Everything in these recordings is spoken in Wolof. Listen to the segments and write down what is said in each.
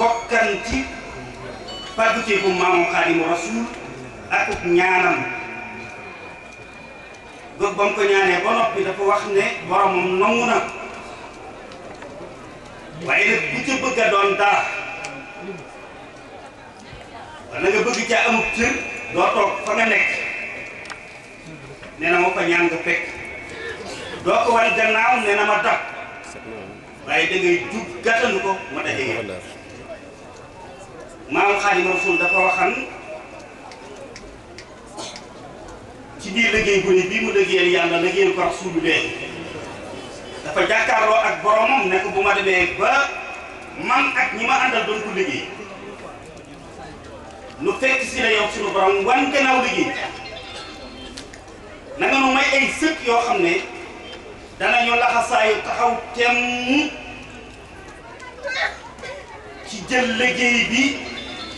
bokkanti pàgguteeku maamu xaadimu rasuul ak ñaanam ba ba mu ko ñaanee ba noppi dafa wax ne boromam nangu na waaye nag bu ca bëgg a doon dara wala nga bëgg caa amut cër doo toog fa nga nekk nee ko ñaan nga fekk doo ko wan gannaaw nee ma dab waaye da ngay jug ko ma daje maam Xaadimu Rasuul dafa waxan ci biir liggéey bu ne bii mu liggéeyal yàlla liggéeyal ko Rasulullah dafa jàkkaarloo ak boromam ne ko bu ma demee ba man ak ñi ma àndal doon ko nu fekk si la yow suñu borom wan gannaaw liggéey na nu may ay sëkk yoo xam ne danañu laxasaayu taxaw temm ci jël liggéey bi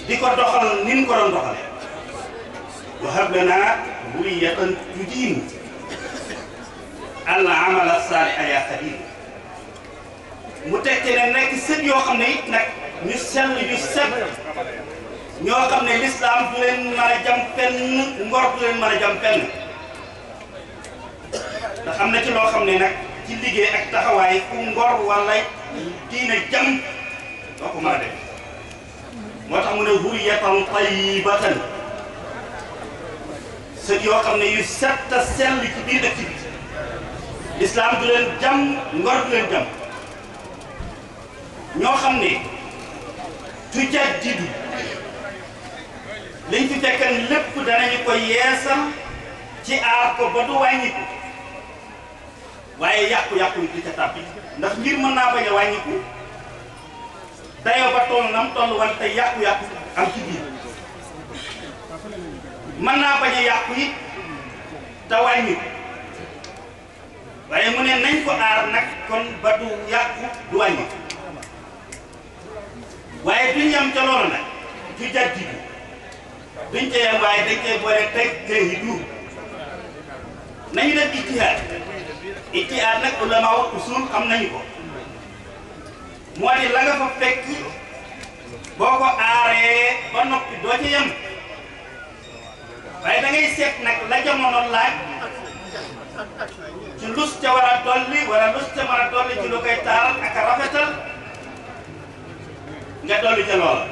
di ko doxal nin ko doon doxale wahab lanaa buriyatan tujiin al amala saaliha yaa xadim mu teg ci ne nekk set yoo xam ne it nag ñu sell ñu set ñoo xam ne lislaam du leen mën a fenn ngor du leen mën a fenn ndax am na ci loo xam ne nag ci liggéey ak taxawaay ku ngor wala diina jam doo ko a def moo tax mu ne huriyatan tayyibatan sët yoo xam yu set ci bi du jam ngor du leen jam ñoo xam ne tujaddidu liñ fi fekkan lépp danañu ko yeesal ci aar ko ba du wàññiku waaye yàqu-yàqu du ca tàbbi ndax bañ dayoo ba toll nam toll wan tey yakku yàqu am ci bi man na baña yakku yi it te waye mune nañ ko ar nak kon ba du yàqu du wàññi waaye duñ yam ca loolu nag du jaddi bi duñ ci yam waye dañ cey koy boole teg léegi du nañu def ijtihaad ijtihaad nak ulama wa usul xam nañ ko moo di la nga fa boo ko aaree ba noppi doo ci yem waaye da ngay seet nag la jamono laaj ci lus ca war a dolli wala lus ca war a dolli ci lu koy ak a rafetal nga dolli ca loola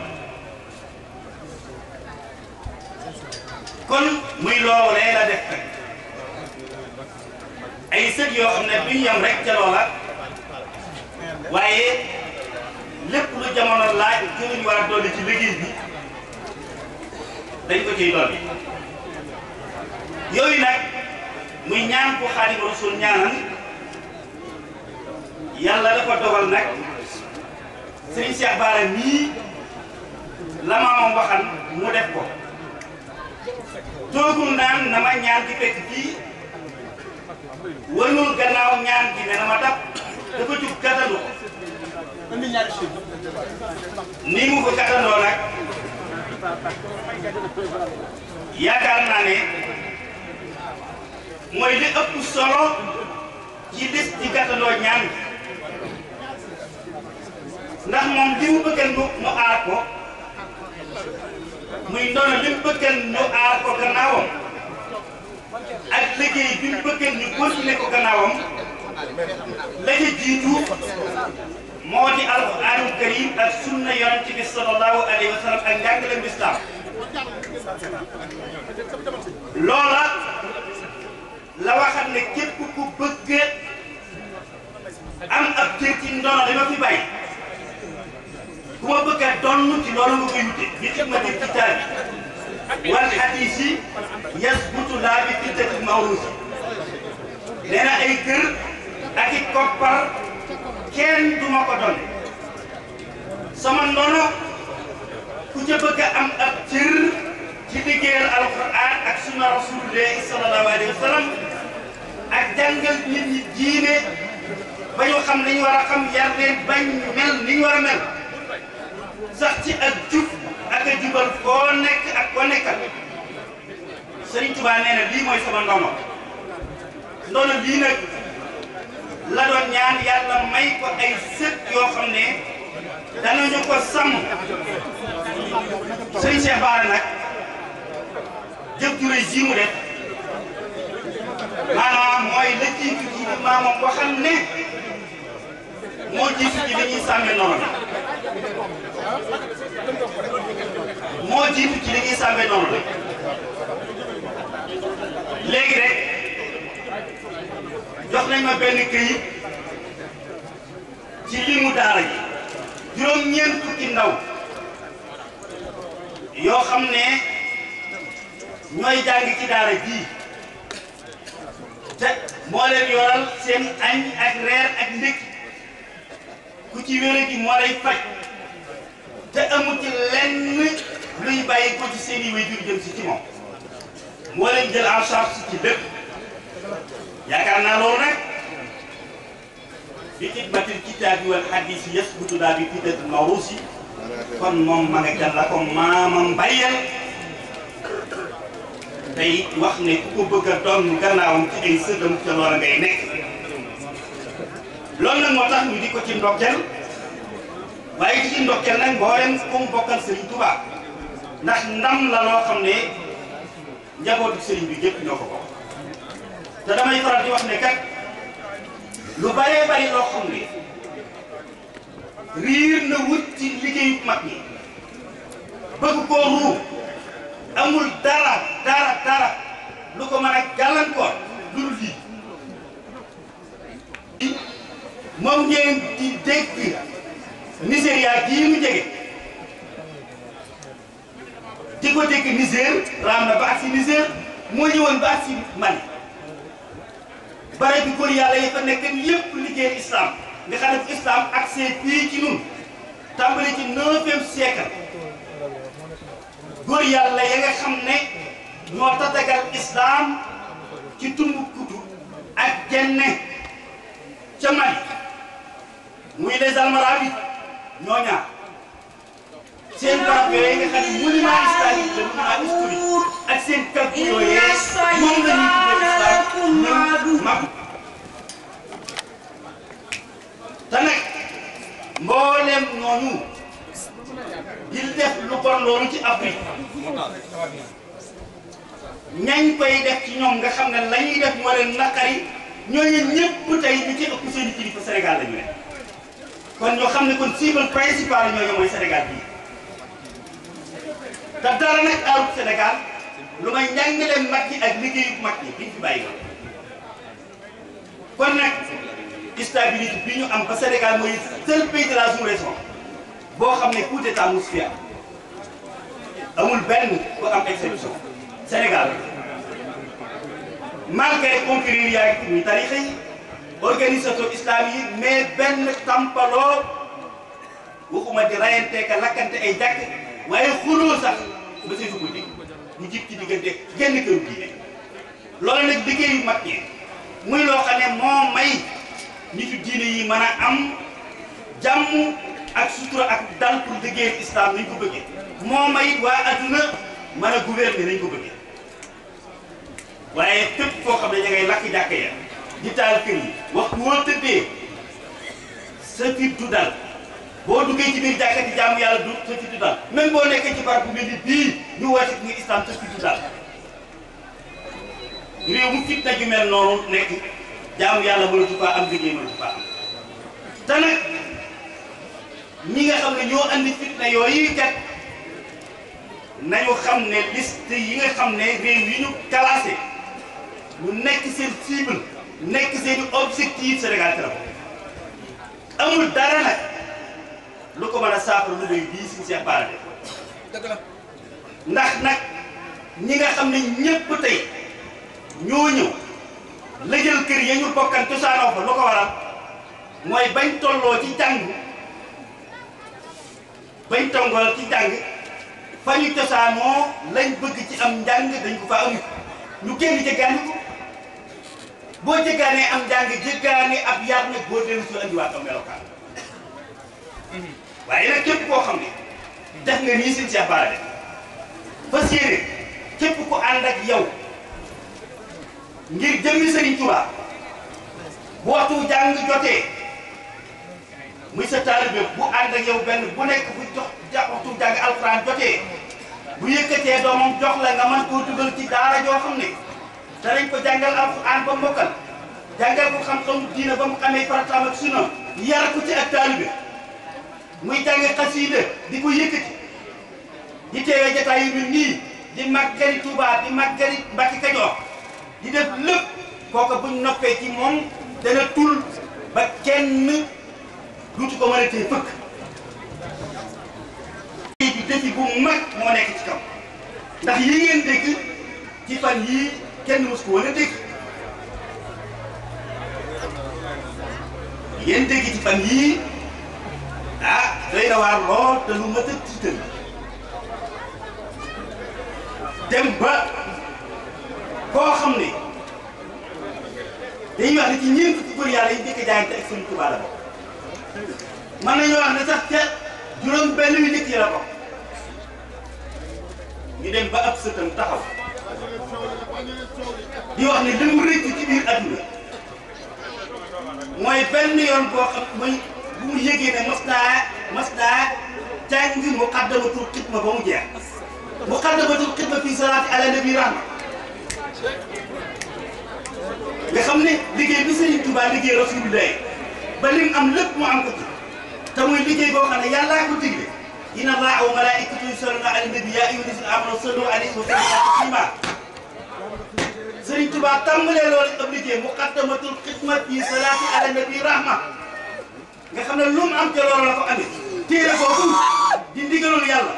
kon muy loolee la def rek ay sët yoo xam ne duñ yem rek ca loola waaye lépp lu jamono laaj ci luñ war a dolli ci liggéey bi dañ ko ciy dolli yooyu nag muy ñaan ko Xaadimu Rasuul ñaanan yàlla dafa dogal nag sëriñ Cheikh nii la maamam waxan mu def ko toogul naan na ma ñaan di fekk fii wënul gannaaw ñaan gi ne na dab dafa jug gàttalu ko ni mu ko gàttandoo nag yaakaar naa ne mooy li ëpp solo ci bis di gàttandoo ndax moom li mu bëggal mu aar ko muy ndono li mu aar ko gannaawam ak liggéey bi mu bëggal ñu continuer ko gannaawam la moo di alquraanul karim ak sunna yonent bi sallallahu alayhi wa sallam ak njàngaleem lislaam loola la waxat ne képp ku am ab cër ci ndono li ma fi a donn ci loolu nga koy wute nit ñi ma def wal xadiis yi yasbutu bi fiddati mawruusi nee na ay koppar kenn du ma ko donne sama ndono ku ca bëgg am ab cër ci liggéeyal alquran ak sunna rasulillahi sallallahu alayhi wa sallam ak jàngal nit ñi diine ba xam li war a xam yar leen bañ mel ni war a mel sax ci ak jub ak a jubal koo nekk ak koo nekkal Serigne Touba nee na lii mooy sama ndono ndono lii nag. la doon ñaan yàlla may ko ay sët yoo xam ne danañu ko sàmm sëñ Cheikh nag jëf ju rëy ji mu def maanaam mooy la jiitu ji di maamam waxal ne moo jiitu ji li ñuy sàmme noonu moo jiitu ji li ñuy sàmme noonu léegi rek. jox nañ ma benn këyit ci li mu daara ji juróom-ñeent fukki ndaw yoo xam ne ñooy jàng ci daara ji te moo leen yoral seen añ ak reer ak ndékki ku ci wéré gi moo lay faj te amu ci lenn luy bàyyi ko ci seen i jëm si ci moom moo leen jël en charge ci lépp yaakaar naa loolu nag bi xidmatil kitaabi wal hadis yasbutu daa bi fidat mawrusi kon moom ma nga jàll la ko maamam bàyyal tey wax ne ku ko bëgg a doon gannaawam ci ay sëddam ca loola ngay nekk loolu nag moo tax ñu di ko ci ndokkeel waaye di ci ndokkeel nag mboolem ku mu bokkal Serigne Touba ndax ndam la loo xam ne njabootu Serigne bi yëpp ñoo ko bokk damay faral di wax ne kat lu bëree bëri loo xam ne riir na wut ci liggéeyu mag ñi bëgg koo ruub amul dara dara dara lu ko mën a gàllankoor lu dul lii moom ngeen di dégg Nigéria gii mu jege di ko dégg Niger raam na ba ak si Niger moo ñëwoon ba ak si Mali bare bi góor yàlla yi fa nekk lépp liggéey islam nga xam ne islam accès fii ci nun tàmbali ci neuvième siècle góor yàlla ya nga xam ne ñoo tatagal islam ci Tombouctou ak Guinée ca Mali muy les Almoravides ñoo ñaar seen papa yooyu nga xam ne monument historique la monument historique ak seen kàgg yooyee moom la ñuy tuddee mag te nag mboolem noonu di def lu bon loolu ci Afrique ñañ koy def ci ñoom nga xam ne la ñuy def moo leen naqari ñooñu ñëpp tey Sénégal Sénégal te dara nag aarut Sénégal lu may njàngaleem mag yi ak liggéeyu mag yi biñ fi bàyyi kon nag stabilité bi ñu am ba Sénégal mooy seul pays de boo xam ne coup d'état mus fi am amul benn bu am exception Sénégal malgré confrérie yaa ngi muy tarixa yi islam yi mais benn tampaloo waxuma di rayante lakkante ay jàkk waaye xuloo sax ba see ko dégg mu jik ci diggante genn këru diine loolu nag liggéeyu mag ñi muy loo xam ne moo may nitu diine yi mën a am jàmm ak sutura ak dal pour liggéeyal islam nañ ko bëggee moo may waa adduna mën a gouverner nañ ko bëggee waaye képp koo xam ne da ngay lakk jàkk ya di taal kër yi waxtu woo tëddee sa fit du dal boo duggee ci biir jàkka di jaamu yàlla du sa ci dudal même boo nekkee ci barab bu mel ni bii ñu woote ñu islam sa ci dudal réew mu fitna nekk jaamu yàlla mënatu faa am am te nag ñi nga xam ne ñoo andi fitna yooyu kat nañu xam ne liste yi nga xam ne réew yi ñu classé mu nekk seen cible nekk seen objectif Sénégal te amul dara nag lu ko mën a saafara lu doy bii suñu Cheikh Bara dëgg la ndax nag ñi nga xam ne ñëpp tey ñoo ñëw la jël kër ya ñu bokkan cosaanoo fa lu ko waral moy bañ tolloo ci jang bañ tongol ci jang fa ñu cosaanoo lañ bëgg ci am jang dañ ko fa am ñu kenn jéggaani ko bo jéggaanee am jang jéggaani ab yar bo dem ci andi wa ko melokal waaye nag képp koo xam ne def nga nii suñu Cheikh Bara def képp ko ànd ak yow ngir jëmmi sa Touba bu waxtu jàng jotee muy sa taalibe bu ànd ak yow benn bu nekk bu jox waxtu jàng alxuraan jotee bu yëkkatee doomam jox la nga mën koo dugal ci daara joo xam ne danañ ko jàngal alxuraan ba mokkal jàngal ko xam-xamu diina ba mu xamee farataam ak sunna yar ko ci ak taalibe muy tànge xasiida di ko yëkkati di teewee jataay yu mel nii di màggali Touba di màggali Mbacke Kajoor di def lépp kooka buñ noppee ci moom dana tul ba kenn duutu ko mën a tee fëkk bi bu mag moo nekk ci kaw ndax yi ngeen dégg ci fan yii kenn mos ko woon a dégg yéen ci fan yii doy na waar lool te lu mat a tiital dem ba koo xam ne dañuy wax ne ci ñeent fukki góor yàlla yi njëkk a jaayante ak Sëriñ Tuubaa mën nañu wax ne sax ca juróom benn yu njëkk yi la bokk ñu dem ba ab sëtam taxaw di wax ne li mu rëcc ci biir adduna mooy benn yoon boo xam mooy bu mu yëgee ne mos mas daa jàng muqaddamatul xidma ba mu jeex muqaddamatul xidma fii ala nabi rahma nga xam ne liggéey bi Serigne Touba liggéey rasulullah ba am lépp mu am ko ci liggéey boo xam ne yàllaa ko digle inna allaha wa malaikatahu yusalluna ala nabi ya ayyuha allazina amanu sallu liggéey muqaddamatul xidma fii salaati ala nabi rahma nga xam ne lu mu am ca loolu ko amee téere boobu di ndigalul yàlla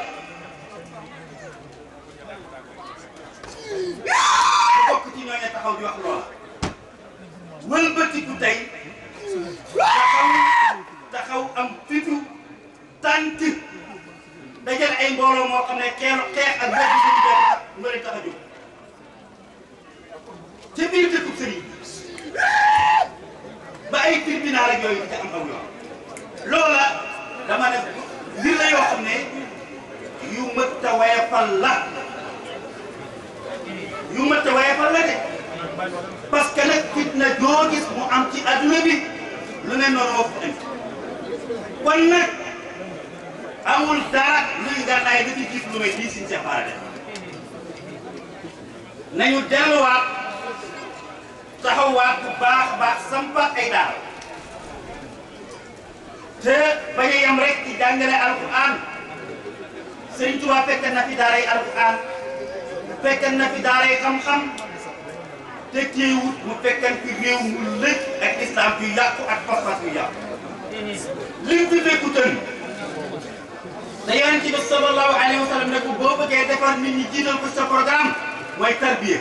bokk ci ñooñu taxaw taxaw am fitu tànk dajal ay mbooloo moo xam ne xeex ak benn suñu benn nga leen tax ca biir dëkkub sëriñ ba ay tribunal ak yooyu ca am aw yoon loola dama ne mbir la yoo xam ne yu mëtt a wayafal la yu mëtt a wayafal la de parce que fitna joo gis mu am ci adduna bi lu ne noonu moo kon nag amul dara luy gànnaay lu ci gis lu may lii siñ ca nañu delluwaat taxawaat bu baax baax sampa ay daara te bañ a yem rek ci jàngale alquran sëñ Tuba fekk na fi daaray alquran fekk na fi daaray xam-xam te teewut mu fekkan fi réew mu lëj ak islam yu yàqu ak pas-pas yu yàqu lim fi fekku tën da yonent bi sallallahu alayhi wa sallam ne ko boo bëggee defar nit ñi jiital ko sa programme mooy tarbiya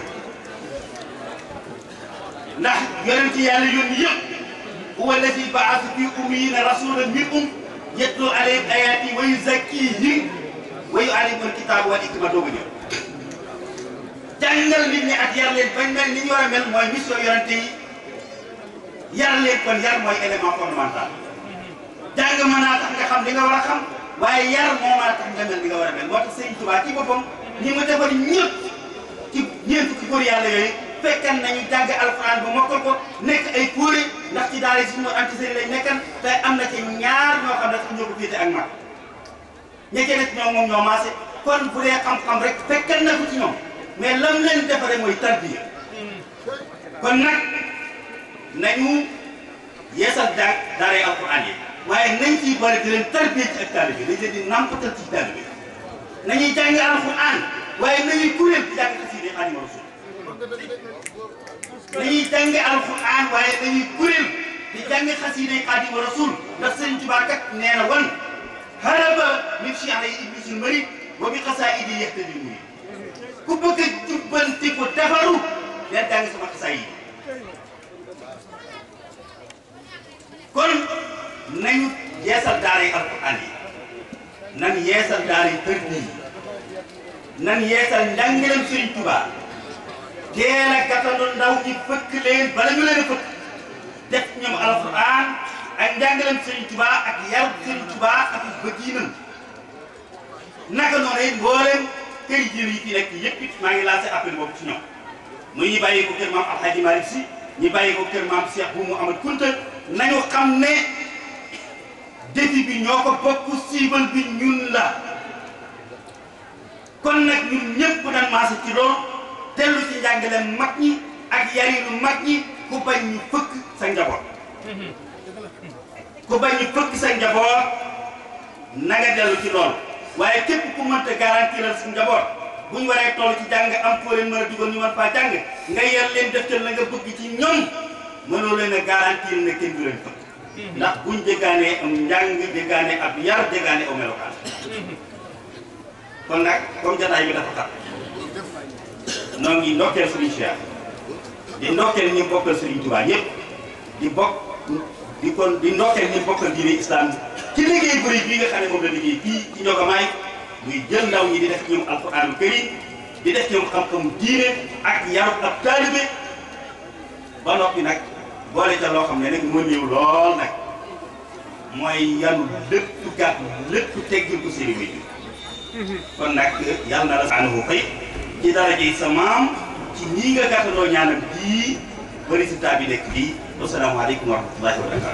ndax yonent yàlla yónni yëpp huwa allazi ba'atha fi ummiyyina rasulan minhum yatlu alayhim ayati wa yuzakkihim wa yu'allimuhumul kitaba wal hikmata doogu ñëw jàngal nit ñi ak yar leen mel ni ñu a mel mooy mission yonente yi yar leen yar mooy élément fondamental jàng mën nga xam li nga war a xam waaye yar moo a tax nga mel li nga war a mel moo tax Sëriñ Tuubaa ci boppam ni mu defar ñëpp ci ñeent ci góor yàlla yooyu fekkan nañu jàng alxuraan ba mokkal ko nekk ay kuréel journaliste yi ñoo anti seen lañ nekkan te am na ci ñaar ñoo xam ne ñoo ko féete ak man ñekkee nag ñoom moom na ko ci ñoom mais lam leen defaree mooy tarbiya kon nag nañu yeesal daag daaray alquran yi waaye nañ ciy bëri di leen tarbiya ci ak taalibe bi dañ leen di nampatal ci taalibe bi nañuy jàng waaye nañuy kuréel di jàngi xasiiday xaadimu rasul da serigne touba kat neena na wan haraba min shihri iblisul mari wa bi qasaidi yahtadi muy ku bëgg jubanti ko tafaru ya tang sama xasaay kon nañu yeesal daari alquran yi nan yeesal daari yi tërbi nan yeesal njàngaleem serigne touba téla a ndaw ci fekk leen bala ñu leen a def ñom alfa njàngaleem Serigne Touba ak yar Serigne Touba ak bëgginam naka noonu it mboolem kër jiw yi fi nekk yëpp maa ngi lancé appel boobu ci ñoom muy ñi bàyyi ko kër maam Alhaji ñi bàyyi ko kër maam Cheikh bu mu Amad Kunta nañu xam ne défi bi ñoo ko bokk siibal bi ñun la kon nag ñun ñëpp dañ maase ci loolu ci njàngaleem mag ñi ak yari lu mag ñi ku bañ ñu fëkk sa ku bañ ñu sa njaboot na dellu ci loolu waaye képp ku mënta garantiral suñu njaboot bu ñu waree toll ci jàng am koo leen mën a dugal ñu mën faa jàng nga yar leen def la nga bëgg ci ñoom mënoo leen a garantir ne kenn du leen fëkk ndax buñ jëggaanee am njàng jëggaanee ab yar jëggaanee aw kon nag comme jotaay bi dafa tax noo ngi ndokkeel Serigne Cheikh di ndokkeel ñu bokkal Serigne Touba ñëpp di bokk di kon di ndokkeel ñu bokkal diine islam ci liggéey bu bii nga xam ne moom la liggéey fii ci Ndiogamay muy jël ndaw ñi di def ñoom alquran karim di def ñoom xam-xam diine ak yaru ak taalibe ba noppi nag boole ca loo xam ne nag moo néew lool nag mooy yanu lépp gàtt lépp teggil ko seeni wéy kon nag yàlla na la saanahu xëy ci darajey sa maam ci nii nga gàttaloo ñaanam bii ba résultat bi nekk bii wasalaamaaleykum wa rahmatullahi wa